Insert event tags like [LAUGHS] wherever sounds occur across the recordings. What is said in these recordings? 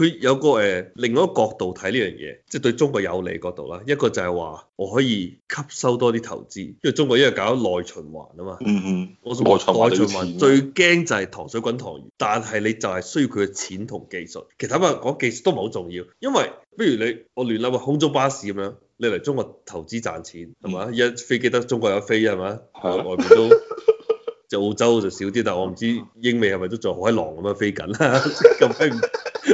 佢有個誒另外一個角度睇呢樣嘢，即係對中國有利角度啦。一個就係話我可以吸收多啲投資，因為中國因為搞內循環啊嘛、嗯。嗯嗯，我內循環最驚就係塘水滾塘魚，但係你就係需要佢嘅錢同技術。其實睇下嗰技術都唔係好重要，因為不如你我亂諗個，空中巴士咁樣你嚟中國投資賺錢係嘛？依家、嗯、飛機得中國有飛係嘛？係是的 外邊都。 [LAUGHS] 在澳洲就少啲，但係我唔知英美係咪都坐海狼咁樣飛緊啦，咁飛唔，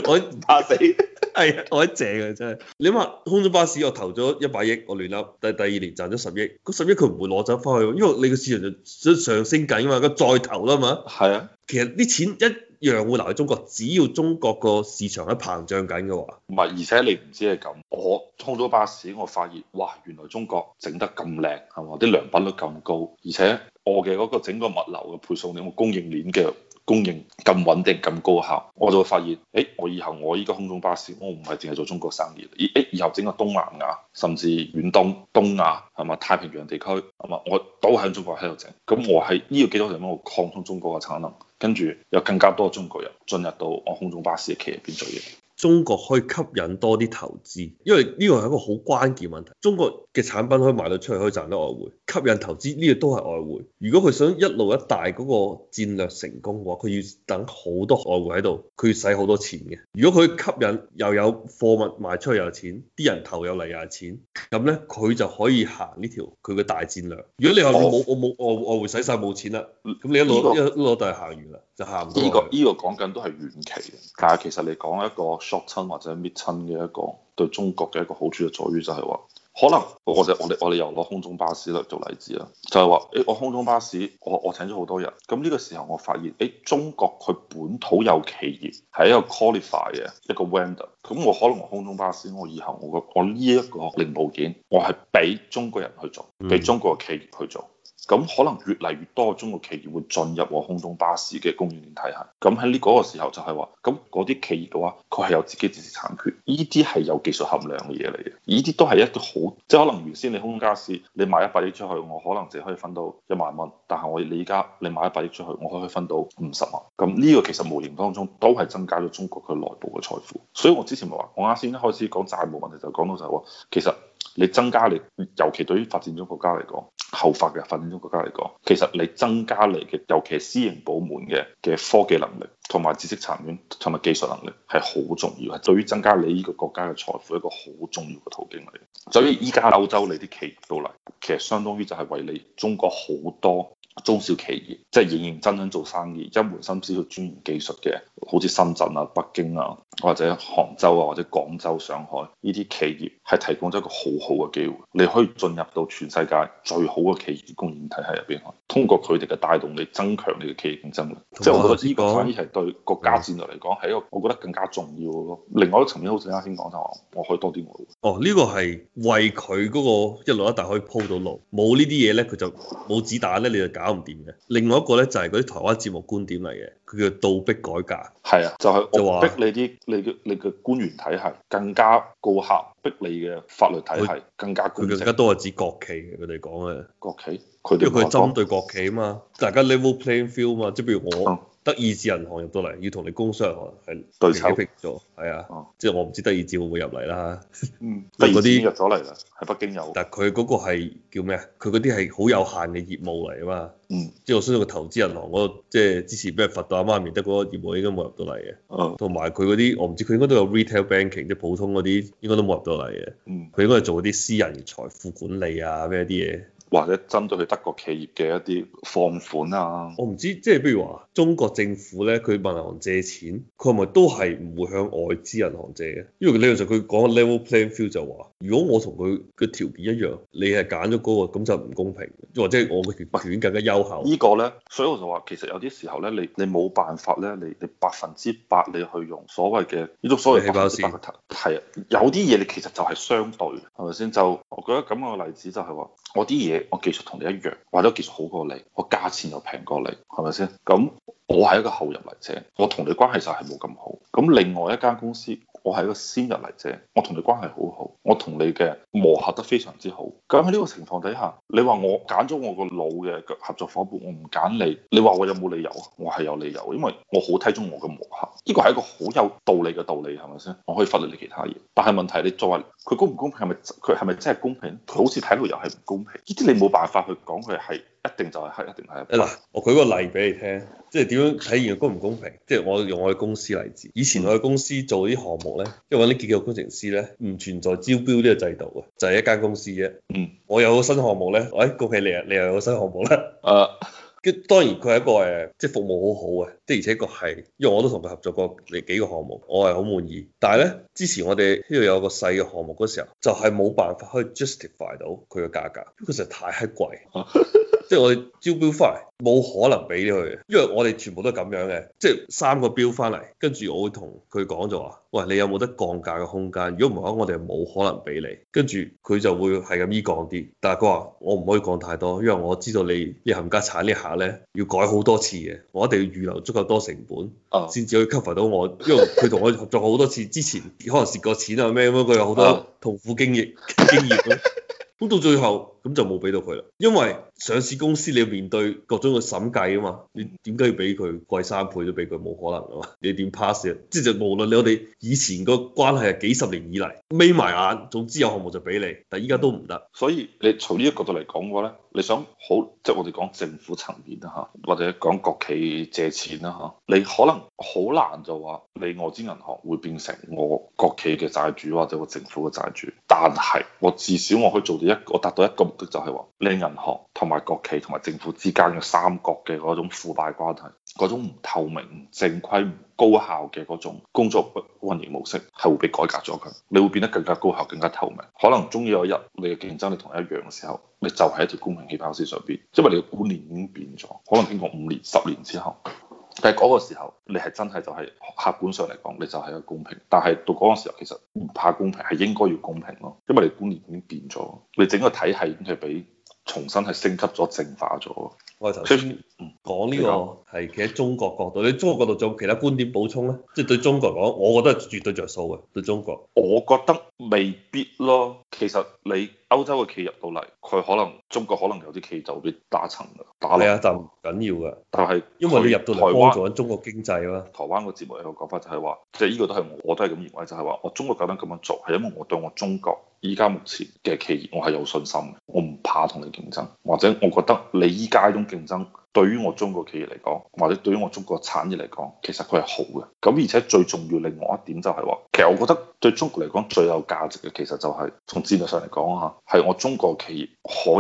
我唔怕死， [LAUGHS] 係我一正啊，真係，你諗下空中巴士我投咗一百億，我亂諗，第第二年賺咗十億，嗰十億佢唔會攞走翻去，因為你個市場就上升緊啊嘛，佢再投啦嘛。係是啊。其實啲錢一。洋貨留喺中國，只要中國個市場喺膨漲緊嘅喎。唔係，而且你唔知係咁。我空中巴士，我發現哇，原來中國整得咁靚，係嘛？啲良品率咁高，而且我嘅嗰個整個物流嘅配送，你有冇供應鏈嘅供應咁穩定、咁高效，我就會發現，誒、欸，我以後我依個空中巴士，我唔係淨係做中國生意，而、欸、誒，以後整個東南亞，甚至遠東、東亞係嘛？太平洋地區，係嘛？我都喺中國喺度整，咁我喺呢個基礎上面，我擴充中國嘅產能。跟住有更加多中國人進入到我空中巴士嘅企業入邊做嘢。中國可以吸引多啲投資，因為呢個係一個好關鍵問題。中國嘅產品可以賣到出去，可以賺到外匯，吸引投資呢個都係外匯。如果佢想一路一帶嗰、那個戰略成功嘅話，佢要等好多外匯喺度，佢要使好多錢嘅。如果佢吸引又有貨物賣出去又有錢，啲人投入嚟又有錢，咁咧佢就可以行呢條佢嘅大戰略。如果你話、哦、我冇我冇外外匯使晒，冇錢啦，咁你一路一路、這個、就係行完啦，就行唔到。呢個呢、這個講緊都係遠期嘅，但係其實你講一個。Short term 或者 mid term 嘅一個對中國嘅一個好處就在於就係話，可能我我我我哋又攞空中巴士嚟做例子啦，就係話誒，我空中巴士我我請咗好多人，咁呢個時候我發現誒，欸，中國佢本土有企業係一個 qualify 嘅一個 vendor，咁我可能我空中巴士我以後我我呢一個零部件我係俾中國人去做，俾中國嘅企業去做。嗯咁可能越嚟越多中國企業會進入我空中巴士嘅供應鏈體系，咁喺呢嗰個時候就係話，咁嗰啲企業嘅話，佢係有自己知識產權，呢啲係有技術含量嘅嘢嚟嘅，呢啲都係一個好，即係可能原先你空中巴士你賣一百億出去，我可能淨可以分到一萬蚊，但係我你依家你賣一百億出去，我可以分到五十萬，咁呢個其實無形當中都係增加咗中國佢內部嘅財富，所以我之前咪話，我啱先一開始講債務問題就講到就係話，其實你增加你，尤其對於發展中國家嚟講。後發嘅發展中國家嚟講，其實你增加你嘅，尤其係私營部門嘅嘅科技能力同埋知識層面，同埋技術能力係好重要，係對於增加你呢個國家嘅財富一個好重要嘅途徑嚟。所以依家歐洲你啲企業到嚟，其實相當於就係為你中國好多。中小企業即係認認真真做生意，一門心思去專研技術嘅，好似深圳啊、北京啊，或者杭州啊、或者廣州、上海呢啲企業，係提供咗一個好好嘅機會，你可以進入到全世界最好嘅企業供應體系入邊去，通過佢哋嘅帶動，你增強你嘅企業競爭力。啊、即係我覺得呢個反而係對國家戰略嚟講，係的一個我覺得更加重要咯。另外一個層面好似啱先講就話，我可以多啲外匯。哦，呢、呢個係為佢嗰個一路一帶可以鋪到路，冇呢啲嘢咧，佢就冇子彈咧，你就揀。搞唔掂嘅。另外一個咧就係嗰啲台灣節目觀點嚟嘅，佢叫倒逼改革。係啊，就係就話逼你啲說你嘅你嘅官員體系更加顧客，逼你嘅法律體系更加固執。佢更加都係指國，國企，嘅。佢哋講嘅。國企，因為佢針對國企啊嘛，大家 level playing field 嘛，即係比如我。嗯德意志銀行入到嚟，要同你工商銀行係對手咗，係啊，即係我唔知德意志會唔會入嚟啦嗯，德意志入咗嚟啦，喺北京有。但係佢嗰個係叫咩啊？佢嗰啲係好有限嘅業務嚟啊嘛。嗯。即係我相信個投資銀行嗰度，即係之前俾人罰到阿媽咪，得嗰個業務應該冇入到嚟嘅。同埋佢嗰啲，我唔知佢應該都有 retail banking，即係普通嗰啲，應該都冇入到嚟嘅。佢、嗯、應該係做嗰啲私人財富管理啊，咩啲嘢。或者針對佢德國企業嘅一啲放款啊我，我唔知即係譬如話中國政府咧，佢問銀行借錢，佢係咪都係唔會向外資銀行借嘅？因為李教授佢講嘅 level playing field 就話，如果我同佢嘅條件一樣，你係揀咗嗰個，咁就唔公平，或者我嘅權更加優厚。個呢個咧，所以我就話，其實有啲時候咧，你你冇辦法咧，你你百分之百你去用所謂嘅呢種所謂百分之百嘅係啊，有啲嘢你其實就係相對，係咪先？就我覺得咁嘅例子就係話，我啲嘢。我技術同你一樣，或者技術好過你，我價錢又平過你，係咪先？咁我係一個後入嚟者，我同你關係就係冇咁好。咁另外一間公司，我係一個先入嚟者，我同你關係好好。我同你嘅磨合得非常之好，咁喺呢個情況底下，你話我揀咗我個老嘅合作伙伴，我唔揀你，你話我有冇理由啊？我係有理由，因為我好睇中我嘅磨合，呢個係一個好有道理嘅道理，係咪先？我可以忽略你其他嘢，但係問題你再話佢公唔公平，係咪，佢係咪真係公平？佢好似睇到又係唔公平，呢啲你冇辦法去講佢係。一定就係係一定係嗱，我舉個例俾你聽，即係點樣體現公唔公平？即係我用我嘅公司例子，以前我嘅公司做啲項目咧，因為揾啲結構工程師咧，唔存在招標呢個制度啊，就係、是、一間公司啫。嗯，我有個新項目咧，喂、哎，恭喜你啊！你又有個新項目啦。誒，跟當然佢係一個誒，即係服務好好、啊、嘅，的而且確係，因為我都同佢合作過你幾個項目，我係好滿意。但係咧，之前我哋呢度有個細嘅項目嗰時候，就係、是、冇辦法可以 justify 到佢嘅價格，因為佢實在太閪貴。 [LAUGHS] 即係我哋招標翻嚟冇可能俾佢，因為我哋全部都係咁樣嘅，即係三個標翻嚟，跟住我會同佢講就話：，喂，你有冇得降價嘅空間？如果唔係，我哋冇可能俾你。跟住佢就會係咁依講啲，但係佢話我唔可以降太多，因為我知道你你冚家產呢下咧要改好多次嘅，我一定要預留足夠多成本，先至、oh. 可以 cover 到我。因為佢同我合作好多次，之前可能蝕過錢啊咩咁樣，佢有好多痛苦經驗經驗咁、oh. 到最後。咁就冇俾到佢啦，因為上市公司你要面對各種嘅審計啊嘛，你點解要俾佢貴三倍都俾佢冇可能啊嘛？你點 pass 啊？即係無論你我哋以前個關係係幾十年以嚟眯埋眼，總之有項目就俾你，但係依家都唔得。所以你從呢個角度嚟講嘅話咧，你想好即係、就是、我哋講政府層面啊嚇，或者講國企借錢啦嚇，你可能好難就話你外資銀行會變成我國企嘅債主或者我政府嘅債主，但係我至少我可以做到一個我達到一個。就係話，你銀行同埋國企同埋政府之間嘅三角嘅嗰種腐敗關係，嗰種唔透明、唔正規、唔高效嘅嗰種工作運營模式，係會被改革咗佢，你會變得更加高效、更加透明。可能終於有一日，你嘅競爭力同一樣嘅時候，你就係一條公平起跑線上邊，因為你嘅觀念已經變咗。可能經過五年、十年之後。但係嗰個時候，你係真係就係、是、客觀上嚟講，你就係一個公平。但係到嗰個時候，其實唔怕公平，係應該要公平咯，因為你觀念已經變咗，你整個體系已經係俾。重新係升級咗、淨化咗。我頭先講呢個係企喺中國角度，你中國角度仲有其他觀點補充咧？即係對中國嚟講，我覺得絕對着數嘅。對中國，我覺得未必咯。其實你歐洲嘅企入到嚟，佢可能中國可能有啲企業就會打沉啦。係啊，就唔緊要㗎。但係因為你入到嚟幫做緊中國經濟啦。台灣個節目有個講法就係話，即係呢個都係我都係咁認為就，就係話我中國搞緊咁樣做，係因為我對我中國依家目前嘅企業，我係有信心嘅。我唔。怕同你競爭，或者我覺得你依家依種競爭對於我中國企業嚟講，或者對於我中國產業嚟講，其實佢係好嘅。咁而且最重要另外一點就係話，其實我覺得對中國嚟講最有價值嘅，其實就係、是、從戰略上嚟講，吓，係我中國企業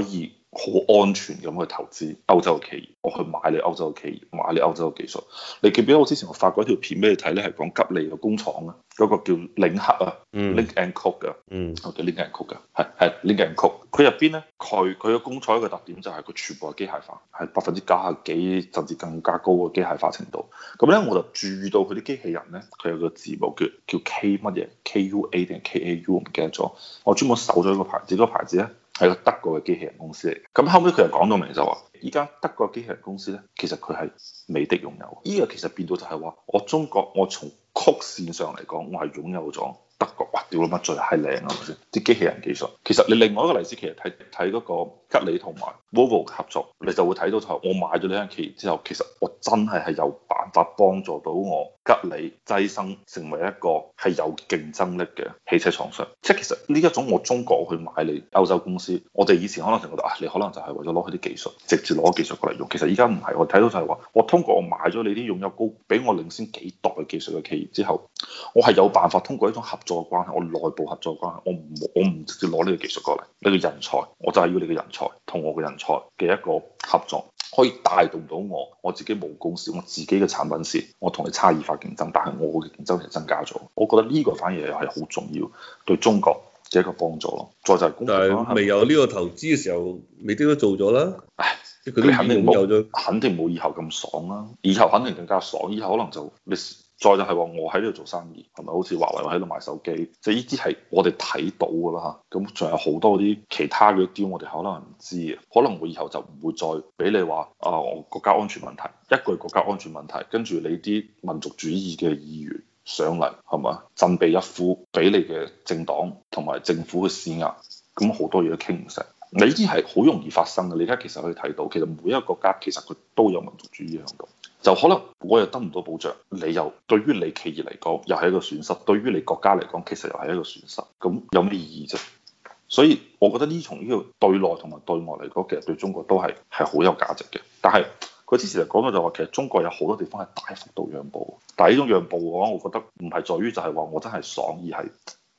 可以。好安全咁去投資，歐洲嘅企業，我去買你歐洲嘅企業，買你歐洲嘅技術。你記唔記得我之前我發過一條片俾你睇咧？係講吉利嘅工廠啊，嗰、嗰個叫領克啊、嗯，Link and Co o k 嗯，我叫「Link and Co o 嘅，係係 Link and Co。o k 佢入邊咧，佢佢嘅工廠一個特點就係佢全部係機械化，係百分之九啊幾甚至更加高嘅機械化程度。咁咧我就注意到佢啲機器人咧，佢有個字母叫叫 K 乜嘢 KUA 定 KAU 唔記得咗。我專門搜咗一個牌子，嗰個牌子咧。係個德國嘅機器人公司嚟嘅，咁後尾，佢又講到明就話，依家德國機器人公司咧，其實佢係美的擁有的，呢個其實變到就係話，我中國我從曲線上嚟講，我係擁有咗德國，哇！屌乜最係靚啊，係咪先？啲機器人技術，其實你另外一個例子，其實睇睇嗰個。吉利同埋 Volvo 合作，你就會睇到就係我買咗呢間企業之後，其實我真係係有辦法幫助到我吉利躋身成為一個係有競爭力嘅汽車廠商。即係其實呢一種我中國去買你歐洲公司，我哋以前可能覺得啊，你可能就係為咗攞佢啲技術，直接攞技術過嚟用。其實依家唔係，我睇到就係話，我通過我買咗你啲擁有高，比我領先幾代技術嘅企業之後，我係有辦法通過一種合作嘅關係，我內部合作關係，我唔我唔直接攞呢個技術過嚟，你個人才我就係要你嘅人同我嘅人才嘅一個合作，可以帶動到我我自己冇公司，我自己嘅產品線，我同你差異化競爭，但係我嘅競爭係增加咗，我覺得呢個反而係好重要，對中國係一個幫助咯。再就係但係未有呢個投資嘅時候，未必都做咗啦。唉，你肯定冇有咗，有肯定冇以後咁爽啦，啊，以後肯定更加爽，以後可能就你。再就係話我喺呢度做生意，係咪好似華為喺度賣手機？即係呢啲係我哋睇到噶啦嚇，咁仲有好多啲其他嗰啲，我哋可能唔知啊，可能會以後就唔會再俾你話啊，我國家安全問題，一句國家安全問題，跟住你啲民族主義嘅議員上嚟，係咪啊？振臂一呼，俾你嘅政黨同埋政府嘅施壓，咁好多嘢都傾唔成。你呢啲係好容易發生嘅，你而家其實可以睇到，其實每一個國家其實佢都有民族主義喺度。就可能我又得唔到保障，你又對於你企業嚟講又係一個損失，對於你國家嚟講其實又係一個損失，咁有咩意義啫？所以我覺得呢從呢個對內同埋對外嚟講，其實對中國都係係好有價值嘅。但係佢之前嚟講嘅就話，其實中國有好多地方係大幅度讓步，但係呢種讓步嘅、啊、話，我覺得唔係在於就係話我真係爽，而係。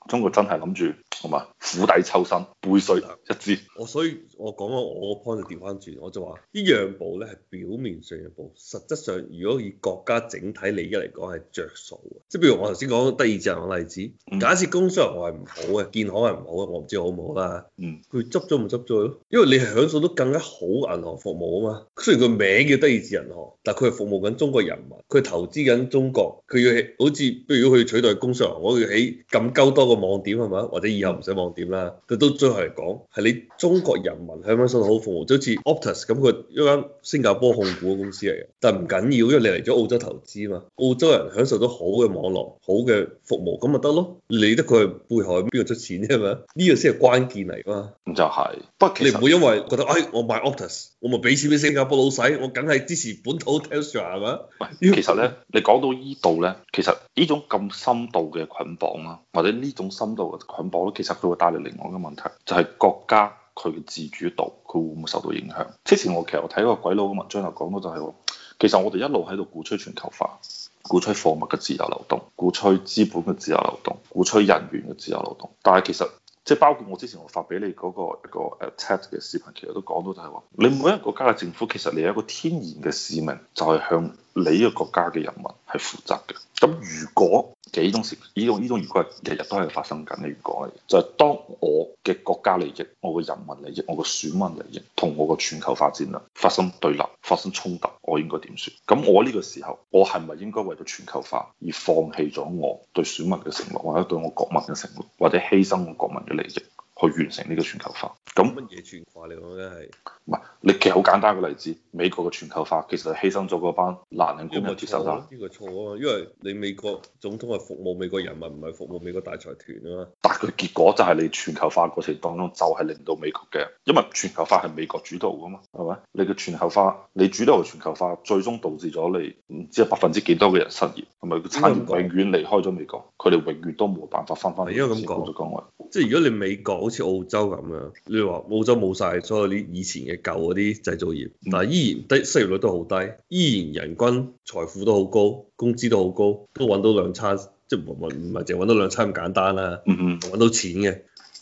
中國真係諗住好嘛，釜底抽薪，背水一戰。嗯、我所以我講我個 point 就調翻轉，我就話呢樣步咧係表面上嘅步，實質上如果以國家整體利益嚟講係着數。即係譬如我頭先講德意志銀行例子，假設工商銀行係唔好嘅，建行係唔好嘅，我唔知好唔好啦。嗯，佢執咗咪執咗咯，因為你係享受到更加好銀行服務啊嘛。雖然佢名叫德意志銀行，但係佢係服務緊中國人民，佢投資緊中國，佢要好似譬如果佢取代工商銀行，我要起咁鳩多個。網點係咪或者以後唔使網點啦、嗯。佢都最後嚟講，係你中國人民享受好服務，就好似 Optus 咁，佢一間新加坡控股公司嚟嘅。但唔緊要，因為你嚟咗澳洲投資啊嘛。澳洲人享受到好嘅網絡、好嘅服務咁咪得咯。你得佢背後邊度出錢啫咪？呢樣先係關鍵嚟㗎嘛。咁就係、是，你不你唔會因為覺得，哎，我買 Optus，我咪俾錢俾新加坡老細，我梗係支持本土 t e s t r a 係咪喂，其實咧，你講到依度咧，其實呢種咁深度嘅捆綁啊，或者呢種。深度嘅捆綁咯，其實佢會帶嚟另外一個問題，就係、是、國家佢嘅自主度，佢會唔會受到影響？之前我其實我睇個鬼佬嘅文章就講到就係、是、其實我哋一路喺度鼓吹全球化，鼓吹貨物嘅自由流動，鼓吹資本嘅自由流動，鼓吹人員嘅自由流動，但係其實即係包括我之前我發俾你嗰、那個一、那個誒、那個、chat 嘅視頻，其實都講到就係、是、話，你每一個國家嘅政府其實你有一個天然嘅使命，就係、是、向你一個國家嘅人民係負責嘅。咁如果幾種事，依種依種如果係日日都係發生緊嘅，如果就係、係、當我嘅國家利益、我嘅人民利益、我嘅選民利益，同我嘅全球化戰略發生對立、發生衝突，我應該點算？咁我呢個時候，我係咪應該為咗全球化而放棄咗我對選民嘅承諾，或者對我國民嘅承諾，或者犧牲我國民嘅利益？去完成呢個全球化，咁乜嘢全球化嚟講咧係？唔係，你其實好簡單嘅例子，美國嘅全球化其實係犧牲咗嗰班難民工嘅接受到。呢個錯啊，因為你美國總統係服務美國人民，唔係服務美國大財團啊嘛。但係佢結果就係你全球化過程當中，就係令到美國嘅，因為全球化係美國主導㗎嘛，係咪？你嘅全球化，你主導嘅全球化，最終導致咗你唔知百分之幾多嘅人失業，同埋個產業永遠離開咗美國，佢哋永遠都冇辦法翻返嚟。因為咁講，即係如果你美國。好似澳洲咁樣，你話澳洲冇晒所有啲以前嘅舊嗰啲製造業，但依然低失業率都好低，依然人均財富都好高，工資都好高，都揾到兩餐，即係唔係唔係淨揾到兩餐咁簡單啦，揾到錢嘅，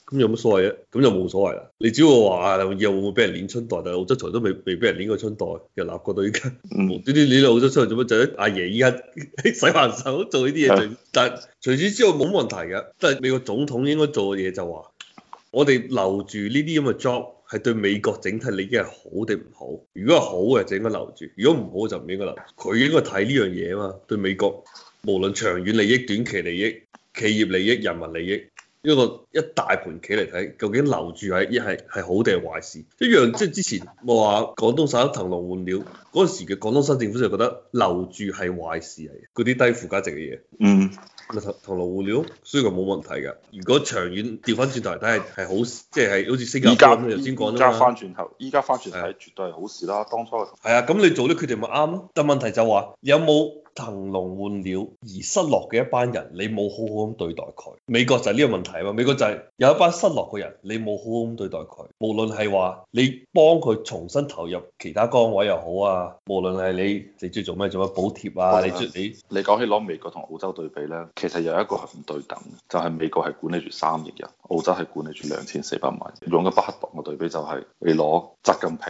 咁有乜所謂啊？咁就冇所謂啦。你只要話以後會唔會俾人碾春袋？但係澳洲從來都未未俾人碾過春袋，由立國到依家，無端你碾澳洲出嚟做乜滯？阿爺依家洗碗手做呢啲嘢，但除此之外冇問題嘅。但係美國總統應該做嘅嘢就話。我哋留住呢啲咁嘅 job，係對美國整體利益係好定唔好？如果係好嘅就應該留住，如果唔好就唔應該留住。佢應該睇呢樣嘢啊嘛，對美國無論長遠利益、短期利益、企業利益、人民利益。一個一大盤棋嚟睇，究竟留住喺一係係好定係壞事一樣，即係之前我話廣東省騰龍換鳥嗰陣時嘅廣東省政府就覺得留住係壞事嚟，嗰啲低附加值嘅嘢。嗯，個騰騰龍換鳥所以佢冇問題㗎，如果長遠調翻轉頭，但係係好事，即係係好似新加坡咁樣先講啫翻轉頭，依家翻轉頭絕對係好事啦。啊、當初係啊，咁你做啲決定咪啱？但問題就話、是、有冇？騰籠換鳥而失落嘅一班人，你冇好好咁對待佢。美國就係呢個問題嘛。美國就係有一班失落嘅人，你冇好好咁對待佢。無論係話你幫佢重新投入其他崗位又好啊，無論係你你鍾意做咩做乜補貼啊，澳洲你你你講起攞美國同澳洲對比咧，其實有一個係唔對等，就係、是、美國係管理住三億人，澳洲係管理住兩千四百萬。用個不刻薄嘅對比就係你攞習近平。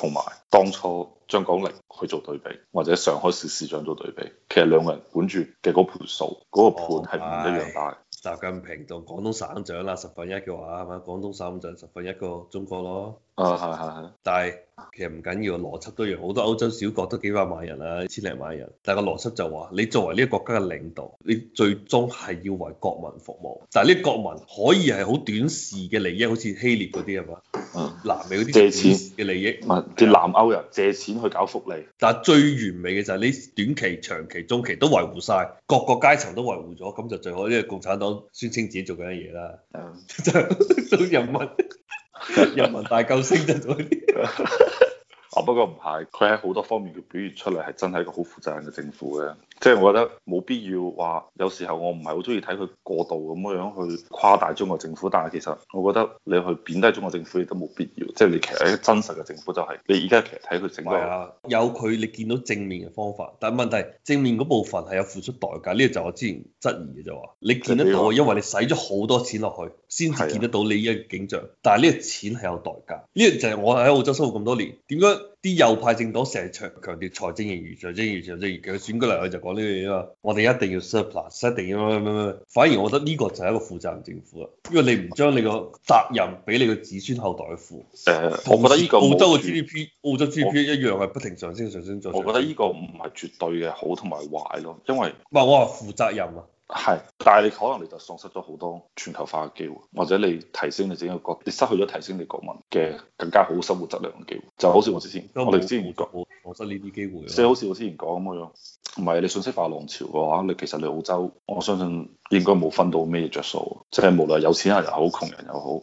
同埋當初張廣寧去做對比，或者上海市市長做對比，其實兩個人管住嘅嗰盤數嗰、嗰個盤係唔一樣大、哦。習近平當廣東省長啦，十分一嘅話係咪？廣東省長咁十分一個中國咯。啊、哦，係係係，但係其實唔緊要，邏輯都樣。好多歐洲小國都幾百萬人啦，千零萬人。但係個邏輯就話，你作為呢個國家嘅領導，你最終係要為國民服務。但係呢國民可以係好短視嘅利益，好似希臘嗰啲係嘛？嗯。南美啲借錢嘅利益，啲、啊、嗎南歐人借錢去搞福利。但係最完美嘅就係、是、你短期、長期、中期都維護晒，各個階層都維護咗，咁就最好。呢個共產黨宣稱自己做緊啲嘢啦，嗯、 [LAUGHS] 就做人民。 [LAUGHS] [LAUGHS] 人民大救星就嗰啲，啊，不過唔係。佢喺好多方面佢表現出嚟係真係一個好負責任嘅政府嘅。即係我覺得冇必要話，有時候我唔係好中意睇佢過度咁樣去誇大中國政府，但係其實我覺得你去貶低中國政府亦都冇必要。即係你其實一真實嘅政府就係，你而家其實睇佢整個係啊，有佢你見到正面嘅方法，但係問題正面嗰部分係有付出代價，呢個就我之前質疑嘅就話，你見得到，因為你使咗好多錢落去先至見得到你呢個景象，但係呢個錢係有代價，呢個就係我喺澳洲生活咁多年點解？啲右派政黨成日強強調財政盈餘，財政盈餘，財政盈餘。佢選舉嚟佢就講呢樣嘢啦。我哋一定要 surplus，一定要乜乜乜。反而我覺得呢個就係一個負責任政府啊，因為你唔將你個責任俾你個子孫後代去負。誒，我覺得呢個澳洲嘅 GDP，澳洲 GDP 一樣係不停上升、上升、上升。我覺得呢個唔係絕對嘅好同埋壞咯，因為唔係我話負責任啊。係，但係可能你就喪失咗好多全球化嘅機會，或者你提升你自己個國，你失去咗提升你國民嘅更加好生活質量嘅機會，就好似我之前，我哋之前講，我喪失呢啲機會。即係好似我之前講咁嘅樣，唔係你信息化浪潮嘅話，你其實你澳洲，我相信應該冇分到咩着數，即係無論有錢人又好，窮人又好，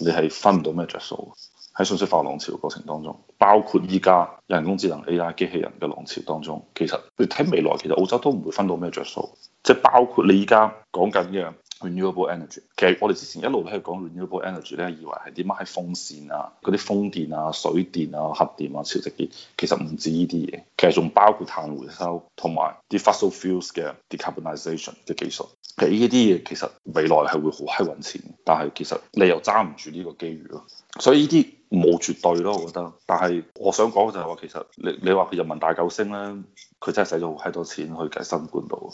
你係分唔到咩着數。喺信息化浪潮嘅過程當中，包括依家人工智能 AI 機器人嘅浪潮當中，其實你睇未來，其實澳洲都唔會分到咩着數。即係包括你依家講緊嘅 renewable energy，其實我哋之前一路都係講 renewable energy 咧，以為係啲乜風扇啊、嗰啲風電啊、水電啊、核電啊、潮汐電，其實唔止呢啲嘢，其實仲包括碳回收同埋啲 fossil fuels 嘅 decarbonization 嘅技術。俾呢啲嘢其實未來係會好閪揾錢，但係其實你又揸唔住呢個機遇咯。所以呢啲冇絕對咯，我覺得。但係我想講嘅就係話，其實你你話佢人民大救星咧，佢真係使咗好閪多錢去計新冠度。